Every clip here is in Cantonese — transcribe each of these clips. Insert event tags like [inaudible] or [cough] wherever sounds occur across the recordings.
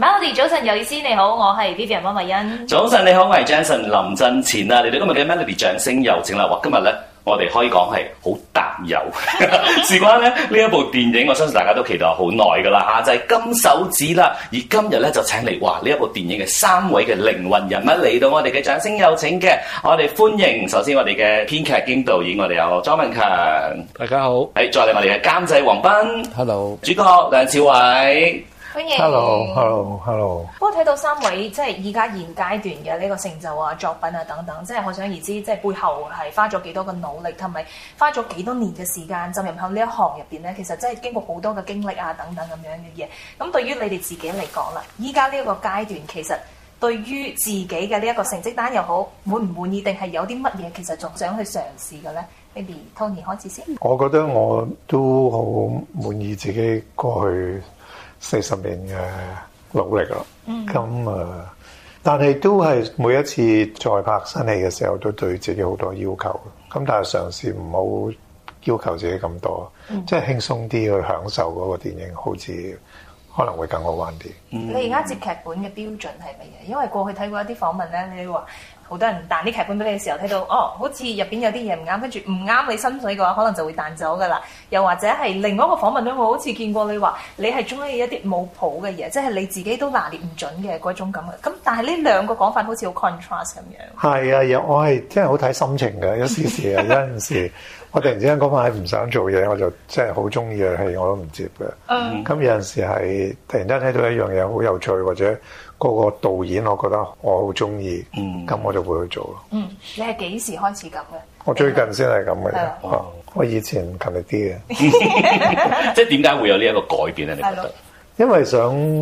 Melody 早晨，有意思。你好，我係 Vivian 溫慧欣。早晨你好，我係 Jensen 林振前啊！你哋今日嘅 Melody 掌聲有請啦！哇，今日咧我哋可以講係好特有，事關咧呢一部電影，我相信大家都期待好耐噶啦吓，就係，是《金手指》啦。而今日咧就請嚟哇呢一部電影嘅三位嘅靈魂人物嚟到我哋嘅掌聲有請嘅，我哋歡迎首先我哋嘅編劇兼導演，我哋有莊文強，大家好。係再嚟我哋嘅監製黃斌，Hello。主角梁朝偉。歡迎。Hello，hello，hello hello。Hello，不過睇到三位即係而家現階段嘅呢個成就啊、作品啊等等，即係可想而知，即係背後係花咗幾多個努力同埋花咗幾多年嘅時間浸入喺呢一行入邊咧。其實真係經過好多嘅經歷啊等等咁樣嘅嘢。咁對於你哋自己嚟講啦，依家呢一個階段其實對於自己嘅呢一個成績單又好滿唔滿意，定係有啲乜嘢其實仲想去嘗試嘅咧？Maybe Tony，開始先。我覺得我都好滿意自己過去四十年嘅努力咯，咁啊、嗯嗯，但係都係每一次再拍新戲嘅時候，都對自己好多要求。咁但係嘗試唔好要求自己咁多，即係輕鬆啲去享受嗰個電影，好似可能會更好玩啲。嗯、你而家接劇本嘅標準係乜嘢？因為過去睇過一啲訪問咧，你話。好多人彈啲劇本俾你嘅時候，睇到哦，好似入邊有啲嘢唔啱，跟住唔啱你心水嘅話，可能就會彈走噶啦。又或者係另外一個訪問中，我好似見過你話，你係中意一啲冇譜嘅嘢，即係你自己都拿捏唔準嘅嗰種咁嘅。咁但係呢兩個講法好似好 contrast 咁 [laughs] 樣。係啊，又我係真係好睇心情嘅，有時時呀，有陣時。我突然之間嗰晚係唔想做嘢，我就即係好中意嘅戲，我都唔接嘅。咁有陣時係突然間睇到一樣嘢好有趣，或者嗰個導演，我覺得我好中意，咁我就會去做咯。嗯，你係幾時開始咁嘅？我最近先係咁嘅。我以前勤力啲嘅，即係點解會有呢一個改變咧？你覺得？因為想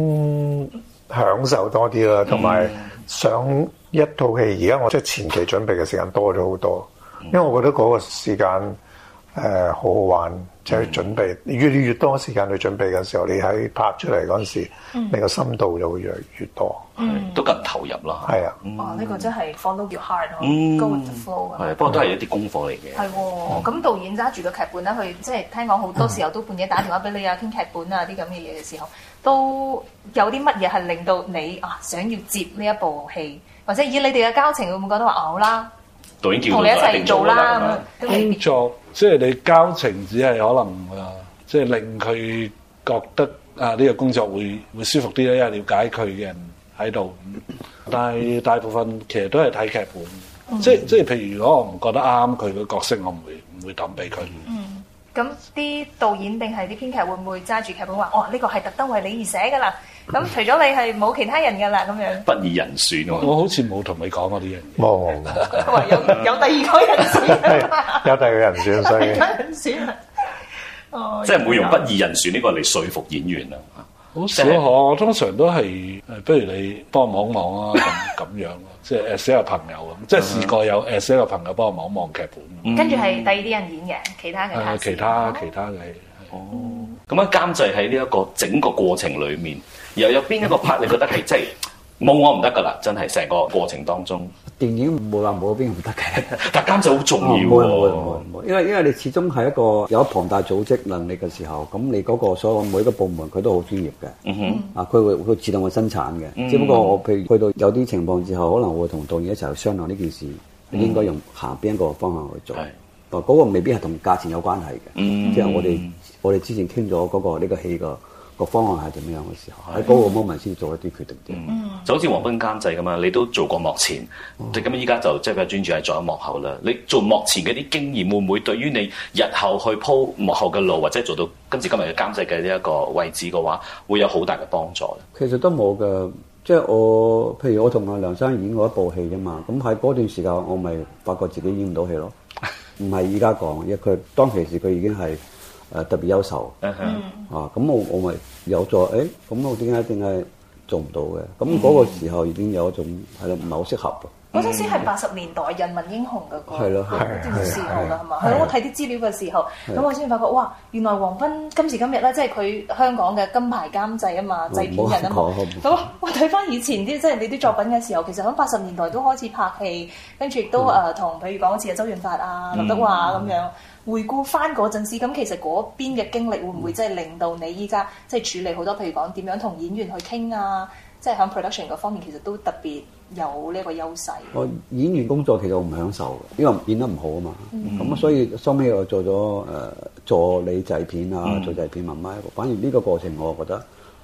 享受多啲啦，同埋想一套戲。而家我即係前期準備嘅時間多咗好多，因為我覺得嗰個時間。誒好好玩，即係準備。越嚟越多時間去準備嘅時候，你喺拍出嚟嗰陣時，你個深度就會越嚟越多，都更投入啦。係啊，哇！呢個真係 follow your heart，go with the flow。係，不過都係一啲功課嚟嘅。係喎，咁導演揸住個劇本咧，佢即係聽講好多時候都半夜打電話俾你啊，傾劇本啊啲咁嘅嘢嘅時候，都有啲乜嘢係令到你啊想要接呢一部戲，或者以你哋嘅交情，會唔會覺得話好啦？導演叫同你一齊做啦，咁做。即係你交情，只係可能誒，即係令佢覺得啊，呢個工作會會舒服啲咧，因為瞭解佢嘅人喺度。但係大部分其實都係睇劇本，嗯即，即即係譬如，如果我唔覺得啱佢嘅角色，我唔會唔會抌俾佢。嗯，咁啲導演定係啲編劇會唔會揸住劇本話：「哦，呢個係特登為你而寫㗎啦？咁除咗你係冇其他人噶啦，咁樣不二人選，我好似冇同你講嗰啲嘢，冇冇，嘅，有有第二個人選，有第二個人選，第二個人選，即係唔會用不二人選呢個嚟說服演員啦。好少嗬，我通常都係不如你幫我望望啊咁樣咯，即係寫個朋友咁，即係試過有寫個朋友幫我望望劇本。跟住係第二啲人演嘅，其他嘅，其他其他嘅。哦，咁樣監製喺呢一個整個過程裡面，又有邊一個拍你覺得係 [laughs] 即係冇我唔得噶啦？真係成個過程當中，電影冇話冇邊唔得嘅， [laughs] [laughs] 但係監製好重要喎。冇冇，因為因為你始終係一個有龐大組織能力嘅時候，咁你嗰個所有每個部門佢都好專業嘅。啊、嗯哼，佢會會自動去生產嘅。只不過我譬如去到有啲情況之後，可能會同導演一齊去商量呢件事，嗯、應該用下邊一個方向去做。嗱，嗰個未必係同價錢有關係嘅，嗯、即係我哋我哋之前傾咗嗰個呢、這個戲個個方案係點樣嘅時候，喺嗰個 moment 先做一啲決定。嗯嗯、就好似黃斌監製咁啊，你都做過幕前，咁依家就即係嘅專注係做幕後啦。你做幕前嗰啲經驗會唔會對於你日後去鋪幕後嘅路，或者做到今次今日嘅監製嘅呢一個位置嘅話，會有好大嘅幫助咧？其實都冇嘅，即係我譬如我同阿梁生演過一部戲啫嘛，咁喺嗰段時間我咪發覺自己演唔到戲咯。唔係依家講，因為佢當其時佢已經係誒特別優秀，嗯、啊咁我我咪有助誒，咁、欸、我點解一定係？做唔到嘅，咁嗰個時候已經有一種係咯，唔係好適合嘅。嗰陣時係八十年代《人民英雄》嘅歌，嗰段時候啦，係嘛？係咯，我睇啲資料嘅時候，咁我先發覺，哇！原來黃斌今時今日咧，即係佢香港嘅金牌監製啊嘛，製片人啊嘛。咁我睇翻以前啲即係你啲作品嘅時候，其實喺八十年代都開始拍戲，跟住亦都誒同，譬如講好似阿周潤發啊、劉德華咁樣。回顧翻嗰陣時，咁其實嗰邊嘅經歷會唔會真係令到你依家、嗯、即係處理好多，譬如講點樣同演員去傾啊，即係喺 production 個方面其實都特別有呢一個優勢。我演員工作其實我唔享受，因為演得唔好啊嘛。咁、嗯、所以收尾我做咗誒助理製片啊，做製片媽、啊、媽。嗯、反而呢個過程我覺得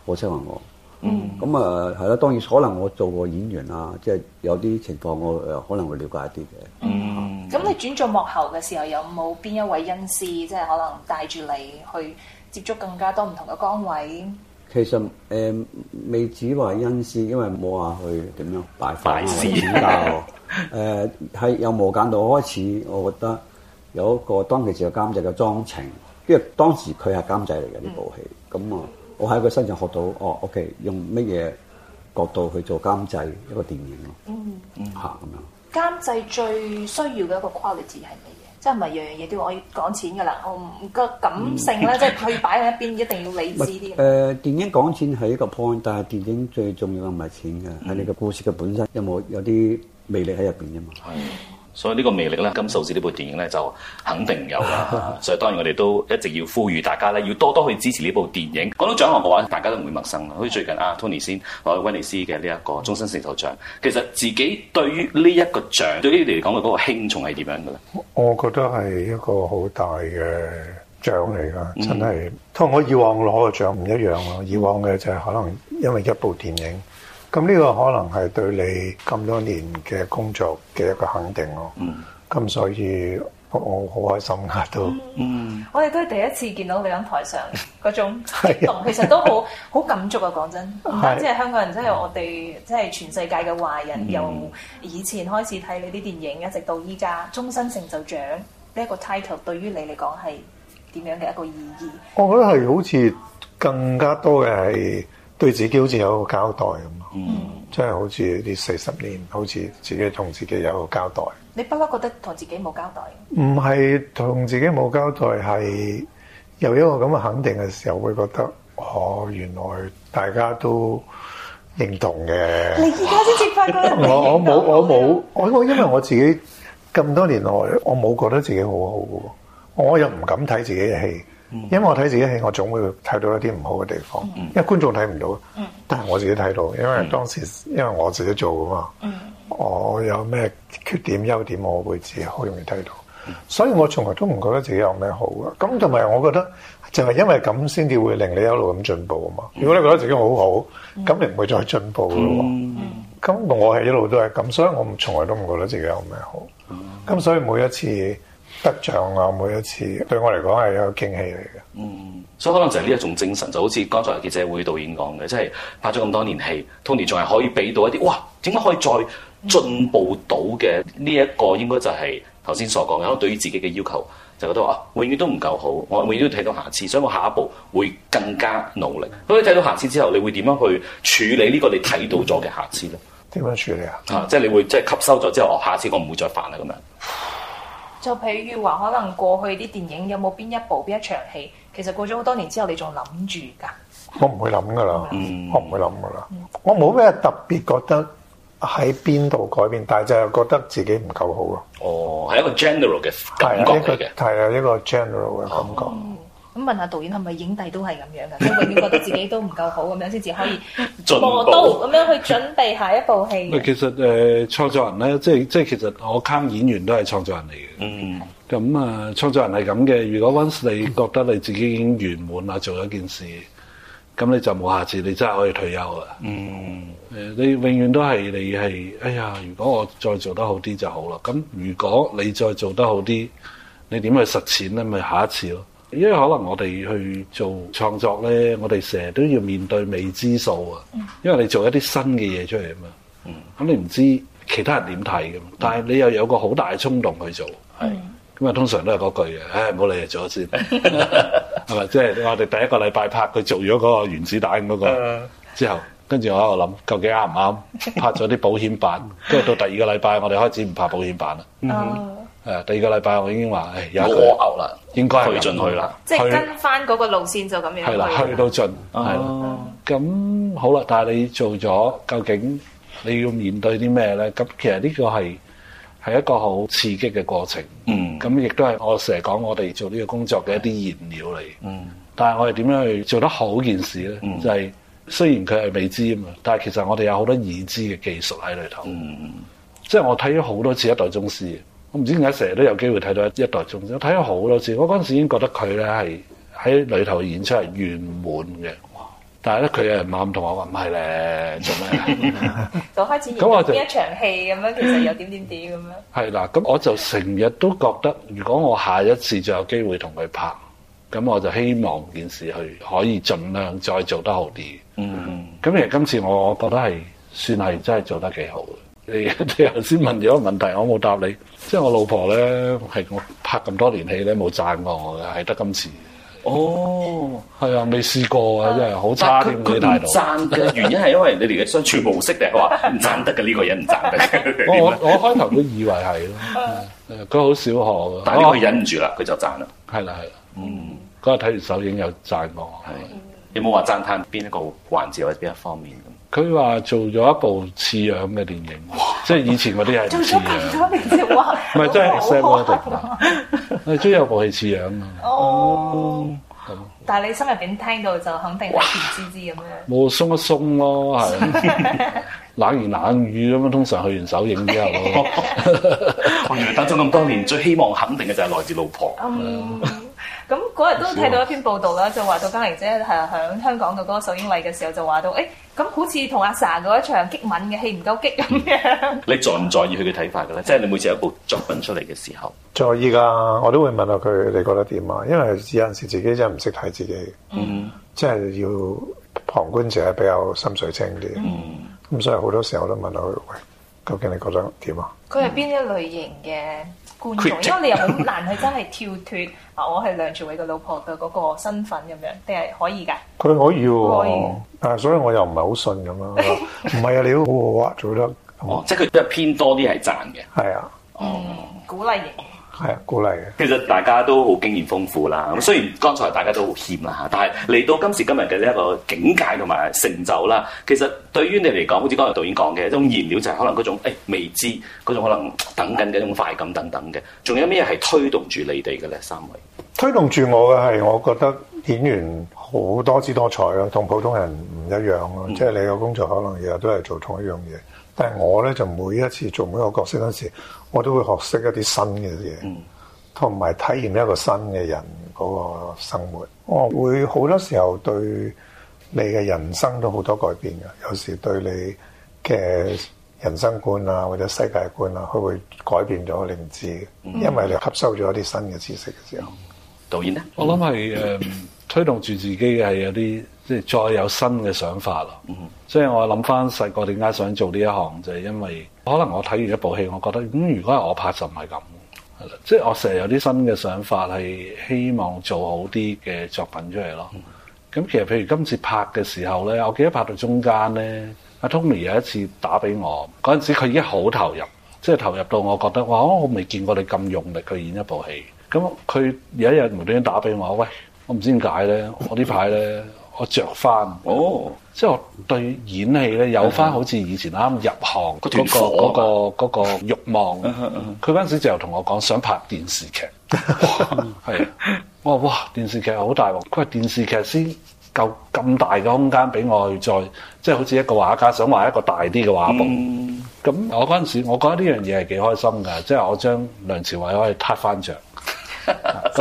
好適合我。嗯。咁啊，係啦，當然可能我做過演員啊，即、就、係、是、有啲情況我誒可能會了解一啲嘅。嗯。嗯。即係轉做幕後嘅時候，有冇邊一位恩師，即係可能帶住你去接觸更加多唔同嘅崗位？其實誒，未、呃、只話恩師，因為冇話去點樣拜粉絲教。誒， [laughs] 係、呃、由無間道開始，我覺得有一個當其時嘅監製嘅莊澄，因為當時佢係監製嚟嘅呢部戲，咁、嗯、啊，我喺佢身上學到，哦，OK，用乜嘢角度去做監製一個電影咯、嗯，嗯，吓咁樣。監製最需要嘅一個 quality 係乜嘢？即係唔係樣樣嘢都要我講錢㗎啦？我唔夠感性咧，嗯、即係佢擺喺一邊，一定要理智啲。誒、嗯呃，電影講錢係一個 point，但係電影最重要嘅唔係錢嘅，係你個故事嘅本身有冇有啲魅力喺入邊啫嘛。嗯。所以呢個魅力咧，《金手指》呢部電影咧就肯定有， [laughs] 所以當然我哋都一直要呼籲大家咧，要多多去支持呢部電影。講到獎項嘅話，大家都唔會陌生啦。好似最近啊，Tony 先攞、啊、威尼斯嘅呢一個終身成就獎。其實自己對於呢一個獎， [laughs] 對於你嚟講嘅嗰個輕重係點樣嘅？我覺得係一個好大嘅獎嚟㗎，真係同我以往攞嘅獎唔一樣咯。以往嘅就係可能因為一部電影。咁呢個可能係對你咁多年嘅工作嘅一個肯定咯、啊。咁、嗯、所以我好開心啊，都。嗯，嗯，我哋都第一次見到你喺台上嗰種激動，啊、其實都好好 [laughs] 感觸啊！講真，即係是香港人，即、就、係、是、我哋，即、就、係、是、全世界嘅華人，嗯、由以前開始睇你啲電影，一直到依家，終身成就獎呢一、這個 title，對於你嚟講係點樣嘅一個意義？我覺得係好似更加多嘅係。對自己好似有一個交代咁咯，嗯、真係好似呢四十年，好似自己同自己有一個交代。你不嬲覺得同自己冇交代？唔係同自己冇交代，係有一個咁嘅肯定嘅時候，會覺得哦，原來大家都認同嘅。你而家先發覺，我我冇我冇我我因為我自己咁多年來，我冇覺得自己好好嘅，我又唔敢睇自己嘅戲。因為我睇自己戲，我總會睇到一啲唔好嘅地方，因為觀眾睇唔到，但係我自己睇到，因為當時，因為我自己做噶嘛，我有咩缺點優點，我會自己好容易睇到，所以我從來都唔覺得自己有咩好嘅。咁同埋我覺得，就係因為咁先至會令你一路咁進步啊嘛。如果你覺得自己好好，咁你唔會再進步咯。咁我係一路都係咁，所以我從來都唔覺得自己有咩好。咁所以每一次。得獎啊！每一次對我嚟講係一個驚喜嚟嘅。嗯，所以可能就係呢一種精神，就好似剛才記者會導演講嘅，即係拍咗咁多年戲，Tony 仲係可以俾到一啲哇，點解可以再進步到嘅呢一個？應該就係頭先所講，對於自己嘅要求就覺得啊，永遠都唔夠好，我永遠都睇到瑕疵，所以我下一步會更加努力。咁你睇到瑕疵之後，你會點樣去處理呢個你睇到咗嘅瑕疵咧？點樣處理啊？啊，即係你會即係吸收咗之後，我下次我唔會再犯啦咁樣。就譬如話，可能過去啲電影有冇邊一部邊一場戲，其實過咗好多年之後你，你仲諗住㗎？嗯、我唔會諗㗎啦，嗯、我唔會諗㗎啦。我冇咩特別覺得喺邊度改變，但係就係覺得自己唔夠好咯。哦，係一個 general 嘅感覺。係啊，係一個 general 嘅感覺。咁問下導演係咪影帝都係咁樣嘅？佢永遠覺得自己都唔夠好，咁樣先至可以磨刀咁樣去準備下一部戲。其實誒、呃、創作人咧，即係即係其實我看演員都係創作人嚟嘅。嗯，咁啊，創作人係咁嘅。如果 once 你覺得你自己已經圓滿啦，做一件事，咁你就冇下次，你真係可以退休啦。嗯，誒、呃，你永遠都係你係，哎呀，如果我再做得好啲就好啦。咁如果你再做得好啲，你點去實踐咧？咪下一次咯。因為可能我哋去做創作咧，我哋成日都要面對未知數啊。因為你做一啲新嘅嘢出嚟啊嘛，咁、嗯嗯、你唔知其他人點睇㗎嘛？但係你又有個好大嘅衝動去做，係咁啊。通常都係嗰句嘅，唉，唔好理啊，做咗先係咪？即係、 [laughs] 就是、我哋第一個禮拜拍佢做咗嗰個原子彈嗰、那個 [laughs] 之後，跟住我喺度諗究竟啱唔啱？拍咗啲保險版，跟住到第二個禮拜我哋開始唔拍保險版。嗯」啦、啊。誒、啊，第二個禮拜我已經話，哎、有蝦牛啦，應該去進去啦，去即係跟翻嗰個路線就咁樣去。啦，去到盡，係啦。咁好啦，但係你做咗，究竟你要面對啲咩咧？咁其實呢個係係一個好刺激嘅過程。嗯，咁亦都係我成日講，我哋做呢個工作嘅一啲燃料嚟。嗯，但係我哋點樣去做得好件事咧？嗯、就係雖然佢係未知啊嘛，但係其實我哋有好多已知嘅技術喺裏頭。嗯、即係我睇咗好多次一代宗師。我唔知點解成日都有機會睇到一代宗師，我睇咗好多次。我嗰陣時已經覺得佢咧係喺裏頭演出係圓滿嘅。哇！但係咧佢又唔啱同我話唔係咧，做咩？ [laughs] 就開始講邊一場戲咁樣，其實有點點點咁樣。係啦，咁我就成日都覺得，如果我下一次就有機會同佢拍，咁我就希望件事去可以盡量再做得好啲。嗯，嗯。咁、嗯、其實今次我覺得係算係真係做得幾好。你你頭先問咗個問題，我冇答你。即係我老婆咧，係我拍咁多年戲咧，冇贊過我嘅，係得今次。哦，係啊，未試過啊，真係好差啲嘅他大佬。贊嘅原因係因為你哋嘅相處模式定係話唔贊得嘅呢個人唔贊得。我 [laughs] 我，我開頭都以為係咯，佢好少學嘅。但呢佢忍唔住啦，佢就贊啦。係啦、啊，係啦、啊。啊、嗯，嗰日睇完首映有贊我，係、啊啊、有冇話贊嘆邊一個環節或者邊一方面咁？佢話做咗一部似樣嘅電影，哇即係以前嗰啲係。做咗唔係，真係 exactly 啦。我中意有部戲似樣啊。哦。但係你心入邊聽到就肯定甜滋滋咁樣。冇鬆一鬆咯，係。冷言冷語咁樣，通常去完首映之後。我、 [laughs] 哦、原來等咗咁多年，最希望肯定嘅就係來自老婆。嗯。嗯咁嗰日都睇到一篇報道啦， [laughs] 就話到嘉玲姐係喺香港嘅嗰個首映禮嘅時候就話到，誒、欸、咁好似同阿 Sa 嗰一場激吻嘅戲唔夠激咁樣。嗯、你在唔在意佢嘅睇法嘅咧？即係 [laughs] 你每次有部作品出嚟嘅時候，在意噶，我都會問下佢，你覺得點啊？因為有陣時自己真係唔識睇自己，嗯，即係要旁觀者比較心水清啲。嗯，咁所以好多時候我都問下佢，喂，究竟你覺得點啊？佢係邊一類型嘅？觀眾，因為你又好難去真係跳脱， [laughs] 啊，我係梁朝偉嘅老婆嘅嗰個身份咁樣，定係可以㗎？佢可以喎，啊，哦、 [laughs] 所以我又唔係好信咁樣。唔係 [laughs] 啊，你都好好啊，做得，哦，即係佢都係偏多啲係讚嘅。係、嗯、啊，哦、嗯，鼓勵型。係啊，鼓勵嘅。其實大家都好經驗豐富啦。咁雖然剛才大家都好欠啦嚇，但係嚟到今時今日嘅呢一個境界同埋成就啦，其實對於你嚟講，好似剛才導演講嘅，一種燃料就係可能嗰種、欸、未知，嗰種可能等緊嘅種快感等等嘅。仲有咩係推動住你哋嘅咧？三位推動住我嘅係，我覺得演員好多姿多彩咯，同普通人唔一樣咯。即係、嗯、你嘅工作可能日日都係做同一樣嘢，但係我咧就每一次做每一個角色嗰時。我都會學識一啲新嘅嘢，同埋、嗯、體驗一個新嘅人嗰個生活。我會好多時候對你嘅人生都好多改變嘅。有時對你嘅人生觀啊，或者世界觀啊，佢會改變咗，你唔知。因為你吸收咗一啲新嘅知識嘅時候、嗯，導演呢？我諗係誒。Um, [laughs] 推動住自己嘅係有啲即係再有新嘅想法咯。嗯，所以我諗翻細個點解想做呢一行，就係、是、因為可能我睇完一部戲，我覺得咁、嗯、如果係我拍就唔係咁。係啦，即係我成日有啲新嘅想法，係希望做好啲嘅作品出嚟咯。咁、嗯、其實譬如今次拍嘅時候呢，我記得拍到中間呢，阿 Tony 有一次打俾我嗰陣時，佢已經好投入，即係投入到我覺得哇！我未見過你咁用力去演一部戲。咁佢有一日無端端打俾我，喂！我唔知點解咧，我呢排咧，我著翻，哦、即係我對演戲咧、嗯、有翻好似以前啱入行嗰、嗰個嗰、嗯嗰個、嗰個、慾望。佢嗰陣時就同我講想拍電視劇，係、嗯、啊，我話哇電視劇好大喎、啊，佢話電視劇先夠咁大嘅空間俾我去再即係好似一個畫家想畫一個大啲嘅畫布。咁、嗯嗯、我嗰陣時我覺得呢樣嘢係幾開心㗎，即係我將梁朝偉可以撻翻着。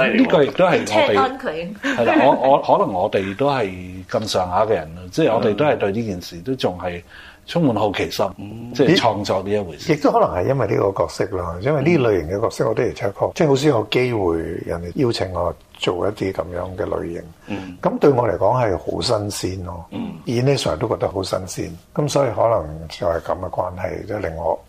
呢個亦都係我哋係看 [laughs] 我我可能我哋都係咁上下嘅人啦，即、就、係、是、我哋都係對呢件事都仲係充滿好奇心，即係、嗯、創作呢一回事。亦都可能係因為呢個角色啦，因為呢類型嘅角色、嗯、我都嚟 check 即係好似好少有機會人哋邀請我做一啲咁樣嘅類型。咁、嗯、對我嚟講係好新鮮咯。演呢成日都覺得好新鮮，咁所以可能就係咁嘅關係，都、就是、令我。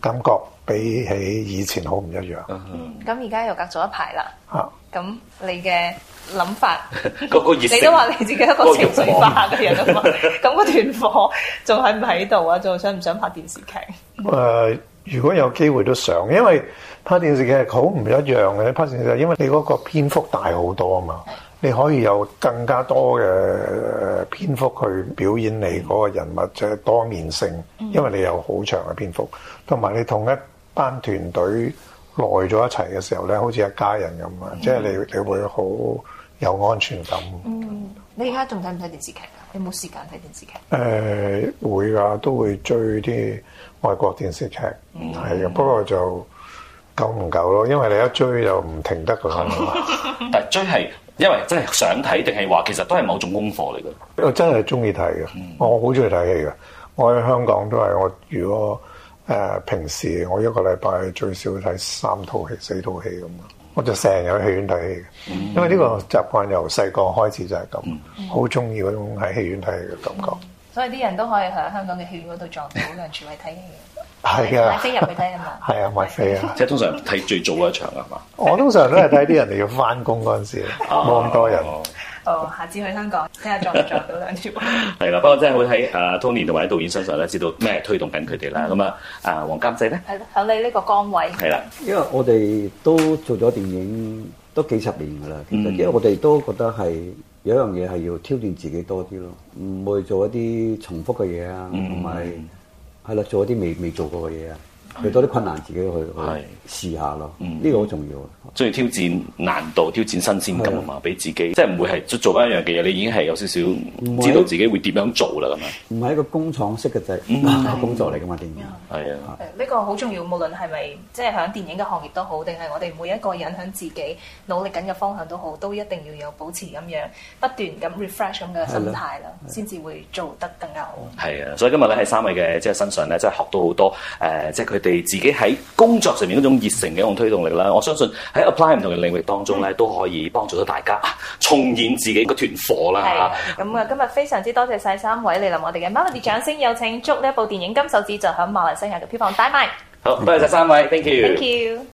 感覺比起以前好唔一樣。嗯，咁而家又隔咗一排啦。吓、啊，咁你嘅諗法？嗰個 [laughs] [laughs] 你都話你自己一個情緒化嘅人啊嘛。咁嗰團火仲喺唔喺度啊？仲想唔想拍電視劇？誒，如果有機會都想，因為拍電視劇好唔一樣嘅。拍電視劇因為你嗰個篇幅大好多啊嘛。你可以有更加多嘅篇幅去表演你嗰個人物即係、就是、多面性，因為你有好長嘅篇幅，同埋你同一班團隊耐咗一齊嘅時候咧，好似一家人咁啊，即係、嗯、你你會好有安全感。嗯，你而家仲睇唔睇電視劇啊？有冇時間睇電視劇？誒、呃，會噶，都會追啲外國電視劇，係啊、嗯，不過就久唔久咯？因為你一追就唔停得噶但追係。 [laughs] [laughs] 因為真係想睇，定係話其實都係某種功課嚟嘅。我真係中意睇嘅，我好中意睇戲嘅。我喺香港都係我如果誒、呃、平時我一個禮拜最少睇三套戲、四套戲咁啊，我就成日去戲院睇戲嘅。嗯、因為呢個習慣由細個開始就係咁，好中意嗰種喺戲院睇戲嘅感覺。嗯、所以啲人都可以喺香港嘅戲院嗰度撞到梁朝偉睇戲。 [laughs] 係啊，買的飛入去睇啊嘛！係啊，買飛啊！即係通常睇最早嗰場啊嘛。我通常都係睇啲人哋要翻工嗰陣時，冇咁 [laughs] 多人。哦，下次去香港睇下撞唔撞到兩條。係 [laughs] 啦， [laughs] 不過真係會喺啊 Tony 同埋啲導演身上咧，知道咩推動緊佢哋啦。咁啊，啊黃監製咧，喺你呢個崗位係啦，的因為我哋都做咗電影都幾十年噶啦，其實因為我哋都覺得係有一樣嘢係要挑戰自己多啲咯，唔會做一啲重複嘅嘢啊，同埋。係啦，做一啲未未做過嘅嘢啊！去多啲困難，自己去是試下咯，嗯。嗯，呢個好重要，鍾意挑戰難度、挑戰新鮮感啊嘛，俾的自己即係唔會係做一樣嘅嘢，你已經係有少少知道自己會點樣做啦咁樣。唔係一個工廠式嘅就係，唔係工作嚟噶嘛電影。係啊。誒，呢個好重要，無論係咪即係響電影嘅行業都好，定係我哋每一個人響自己努力緊嘅方向都好，都一定要有保持咁樣不斷咁 refresh 咁嘅心態啦，先至會做得更加好。係啊，所以今日咧喺三位嘅即係身上咧，即係學到好、就是、多誒，即係佢。哋自己喺工作上面嗰種熱誠嘅一種推動力啦，我相信喺 apply 唔同嘅領域當中咧，嗯、都可以幫助到大家，重演自己個團火啦嚇。咁啊，今日非常之多謝晒三位嚟臨我哋嘅 MELODY 嘅掌聲，有請祝呢一部電影《金手指》就喺馬來西亞嘅票房大賣。拜拜，好，多謝晒三位 [laughs] ，thank you。